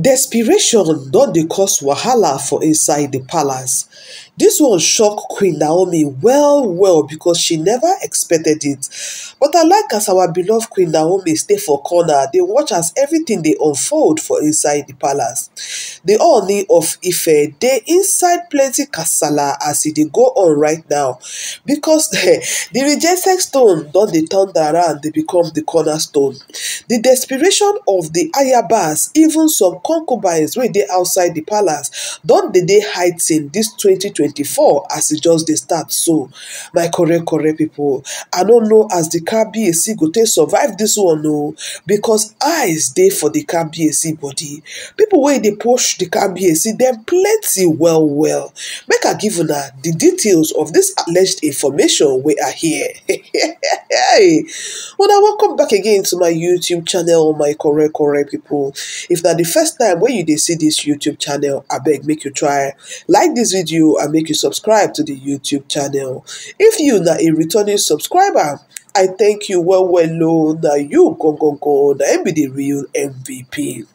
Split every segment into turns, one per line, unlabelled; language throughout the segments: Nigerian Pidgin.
Desperation don dey cause wahala for inside di palace This one shocked Queen Naomi well, well, because she never expected it. But I like as our beloved Queen Naomi stay for corner, they watch as everything they unfold for inside the palace. The only of Ife dey inside plenty kasala as it e dey go on right now, because the rejected stone don't they turn around They become the cornerstone. The desperation of the ayabas, even some concubines when they outside the palace, don't they? They hide in this 2020 2024 as it just dey start so my correct correct people. i don't know as di kbac go take survive this one because I eyes there for di kbac body People when they push the di kbac them plenty well well make i give una the details of this alleged information We here. Hey, well, I welcome back again to my youtube channel my correct correct people. if that the first time when you did see this youtube channel I beg make you try like this video and make you subscribe to the YouTube channel. If you na a returning subscriber, I thank you well well know oh, that you go go go na be the real MVP.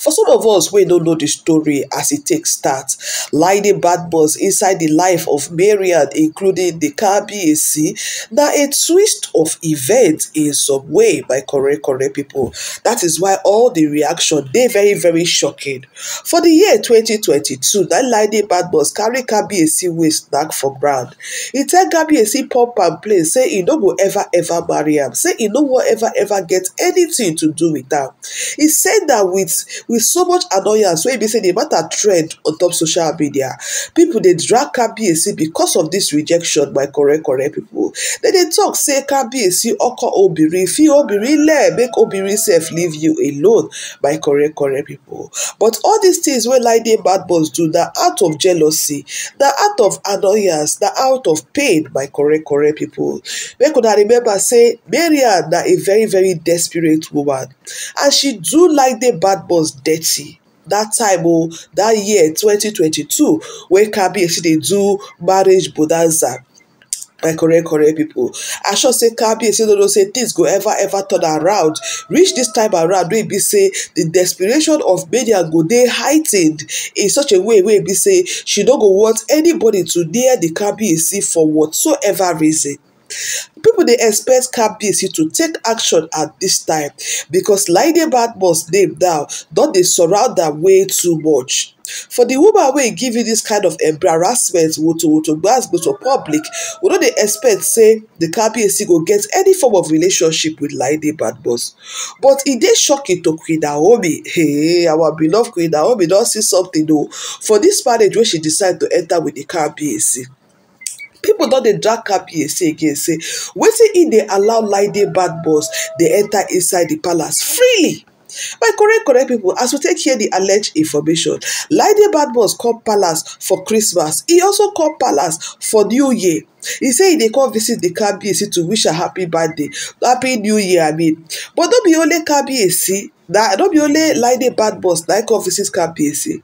For some of us, we don't know the story as it takes start. Bad Badmus inside the life of Marian, including the KBAC, that a twist of events in some way by correct, correct people. That is why all the reaction, they very, very shocking. For the year 2022, that Bad Badmus carry KBAC waste back for ground. He tell KBAC pop and play, say he no go ever, ever marry him. say he no will ever, ever get anything to do with that. He said that with with so much annoyance wey be say di matter trend on top social media People dey drag kabiyesi because of this rejection by correct correct people. dem dey talk say kabiyesi ọkọ Obiri, fi Obiri lẹ̀ make Obiri sef leave you alone by correct correct people. but all these things wey Laide Badmus do na out of jealousy na out of annoyance na out of pain by correct correct people. make una remember say Mariam na a very very desperate woman and she do Laide Badmus was dirty dat time o oh, dat year 2022 wey kabiyesi dey do marriage bonanza my correct correct people, i sure say kabiyesi no know say things go ever ever turn around reach this time around wey e be say the desperation of media go dey heightened in such a way where be say she don't go want anybody to near Kabi kabiyesi for whatsoever reason People dey expect Kabiyesi to take action at dis time because Laide Badmus name now don dey surround am way too much. For di woman wey give you dis kind of embarrassment wotowoto gbasgbo to public, we no dey expect say di Kabiyesi go get any form of relationship with Laide Badmus. But e dey shocking to Queen Naomi, hey, our beloved Queen Naomi don see something o for dis marriage wey she decide to enter with di Kabiyesi. People don dey drag kpc again say wetin e dey allow laide bad boss dey enter inside di palace freely my correct correct pipo as we take hear di alleged information laide bad boss come palace for christmas e also come palace for new year e say e dey come visit di kbc to wish her happy birthday happy new year i mean but no be only kbc na no be only laide bad boss na come visit kbc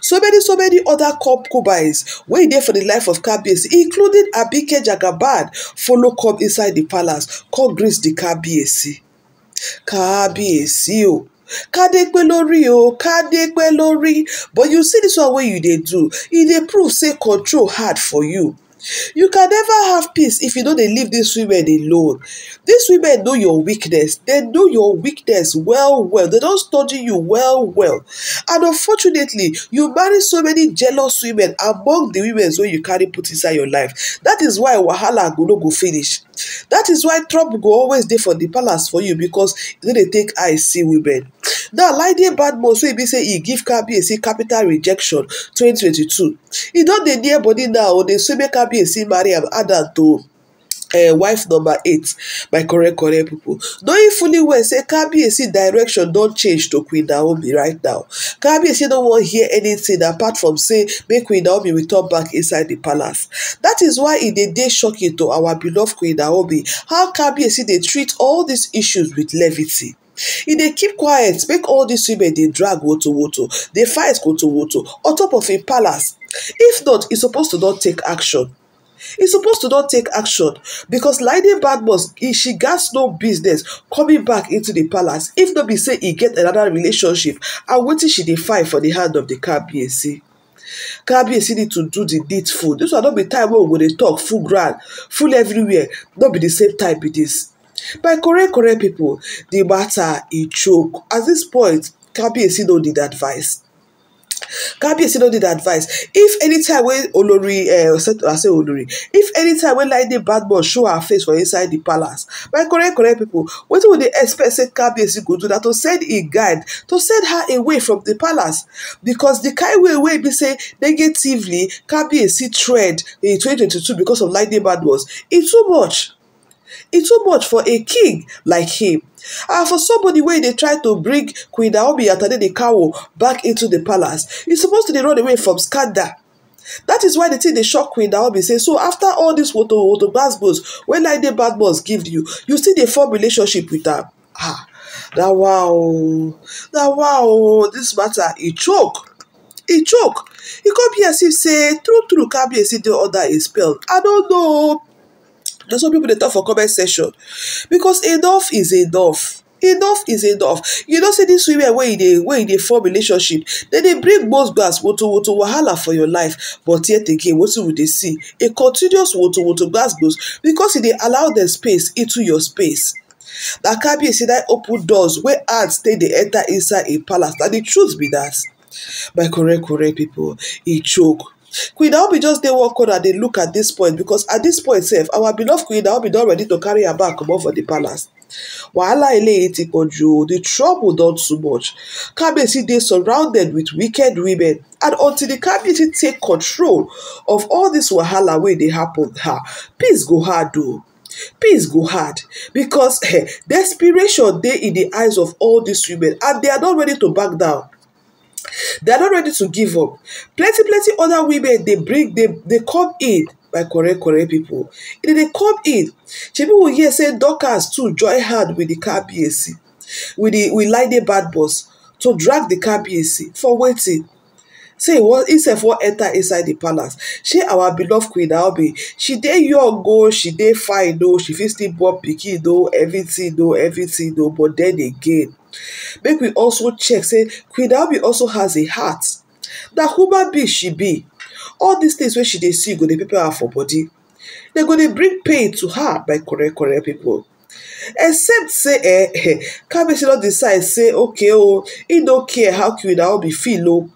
so many so many oda concubines wey dey for the life of kabiyesi including abike Jagabad. follow come inside the palace come greet the kabiyesi kabiyesi o. Oh. kadepe lórí o kadepe lórí but you see this one wey you dey do e dey prove say control hard for you You can never have peace if you don't dey leave these women alone. These women know your weakness, They know your weakness well well, they don study you well well and unfortunately you marry so many jealous women among the women wey you carry put inside your life. That is why wahala no go finish that is why trouble go always dey for di palace for you because e no dey take eye see women now laide badmus wey e be say e give kabiyesi capital rejection 2022 e don dey near body now o dey say make kabiyesi marry am adan to uh, wife number eight my correct correct people knowing fully well say kabiyesi direction don change to queen naomi right now kabiyesi no wan hear anything apart from say make queen naomi return back inside the palace that is why e dey dey shocking to our beloved queen naomi how kabiyesi dey treat all these issues with levity e dey keep quiet make all these women dey drag wotowoto dey fight wotowoto on top of im palace if not e suppose to don take action He's supposed to not take action because Lady Badmus, she gets no business coming back into the palace if not, be say he get another relationship and wetin she dey for the hand of the KBC. KBC need to do the food. This will not be time when we go talk full grand, full everywhere. Not be the same type it is. By correct correct people, the matter e choke. At this point, KBC don't need advice kábíyèsí no need advice if anytime wey olori uh, i say olori if anytime wey laide badmus show her face for inside di palace my correct correct pipo wetin we dey expect say kábíyèsí go do na to send im guide to send her away from di palace because di kind way wey e be say negatively kábíyèsí tread in 2022 because of laide badmus e too much e too much for a king like him and ah, for somebody wey dey try to bring queen naomi atadede kawo back into the palace e suppose to dey run away from scandal That is why di tin dey shock queen naomi say so after all dis woto woto gbasgbos wey bad badmus give you you still dey form relationship with am ah na wow ooo na wow This matter, mata e choke e choke e come be as if say true true kabiyesi dey under a spell i no know That's what people they talk for comment session, because enough is enough enough is enough you know see this women where they where they form relationship dem dey bring most gbas wotowoto wahala for your life but yet again what will they see a continuous wotowoto gbas goes because they allow their space into your space That can be kabiyesi that open doors where ants take dey enter inside a palace na the truth be that my correct correct people, it e choke queen naomi just dey one corner dey look at dis point because at dis point sef our beloved queen naomi don ready to carry her back comot for di palace wahala eléyìí ti pọ̀ jù o the trouble don too much kábíyèsí dey surrounded with wicked women and until the kábíyèsí take control of all this wahala wey dey happen Ha, peace go hard o peace go hard because eh, desperation dey in the eyes of all these women and they are not ready to back down They're not ready to give up. Plenty, plenty other women, they bring, they, they come in by correct, correct people. If they come in, she people here say Dorcas too join hand with the car BAC, with the with like the bad boss to drag the car BAC for waiting say he wan himself wan enter inside the palace shey our beloved queen naomi she dey young o oh, she dey fine o oh, she fit still born pikin o oh, everything o everything o but then again make we also check say queen naomi also has a heart na human being she be all these things wey she dey see go dey prepare her for body dem go dey bring pain to her by correct correct people. except say eh eh kabiyesi don decide say okay o He no care how queen naomi feel o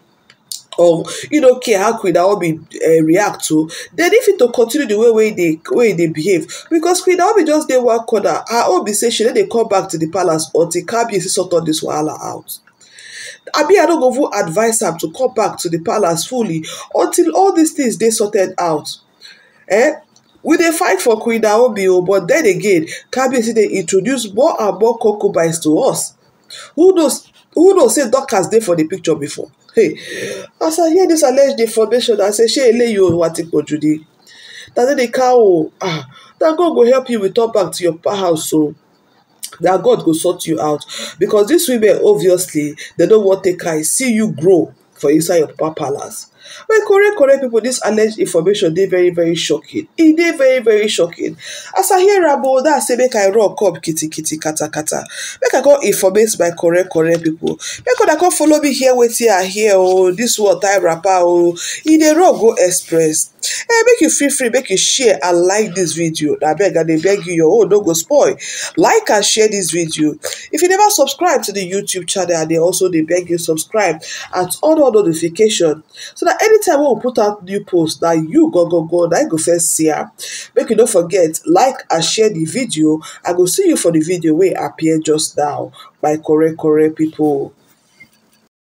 or um, you know care how queen naomi uh, react to they need fit to continue the way wey dey wey dey behave because queen naomi just dey one corner her own be say she no dey come back to the palace until kabiyesi sort all this wahala out abi i no go even advise am to come back to the palace fully until all these things dey sorted out eh we dey fight for queen naomi o oh, but then again kabiyesi dey introduce more and more concubines to us who knows who knows say dorcas dey for the picture before Hey, as I hear this alleged information, I say, Ṣé eléyìí o wá ti pọ̀ jù ni? Tàdé the cow o, oh, ah, that God go help you return back to your house o. Oh. That God go sort you out. Because these women, obviously, they don't want take eye, see you grow for inside your papa palace. When correct, correct people, this alleged information, they very, very shocking. It e they very, very shocking. As I hear about oh, that, say, make I rock up, kitty, kitty, kata, kata. Make I go informate by correct, correct people. Make I go follow me here, wait here, here, oh, this world I rapper, oh. It e they rock, go express. Hey, eh, make you feel free, make you share and like this video. I beg, and I beg you, Oh, don't go spoil. Like and share this video. If you never subscribe to the YouTube channel, they also they beg you subscribe and on all notification so that na anytime we put out new post that you go go go na you go first see am make you don't forget like and share the video i go see you for the video wey appear just now by correct correct people.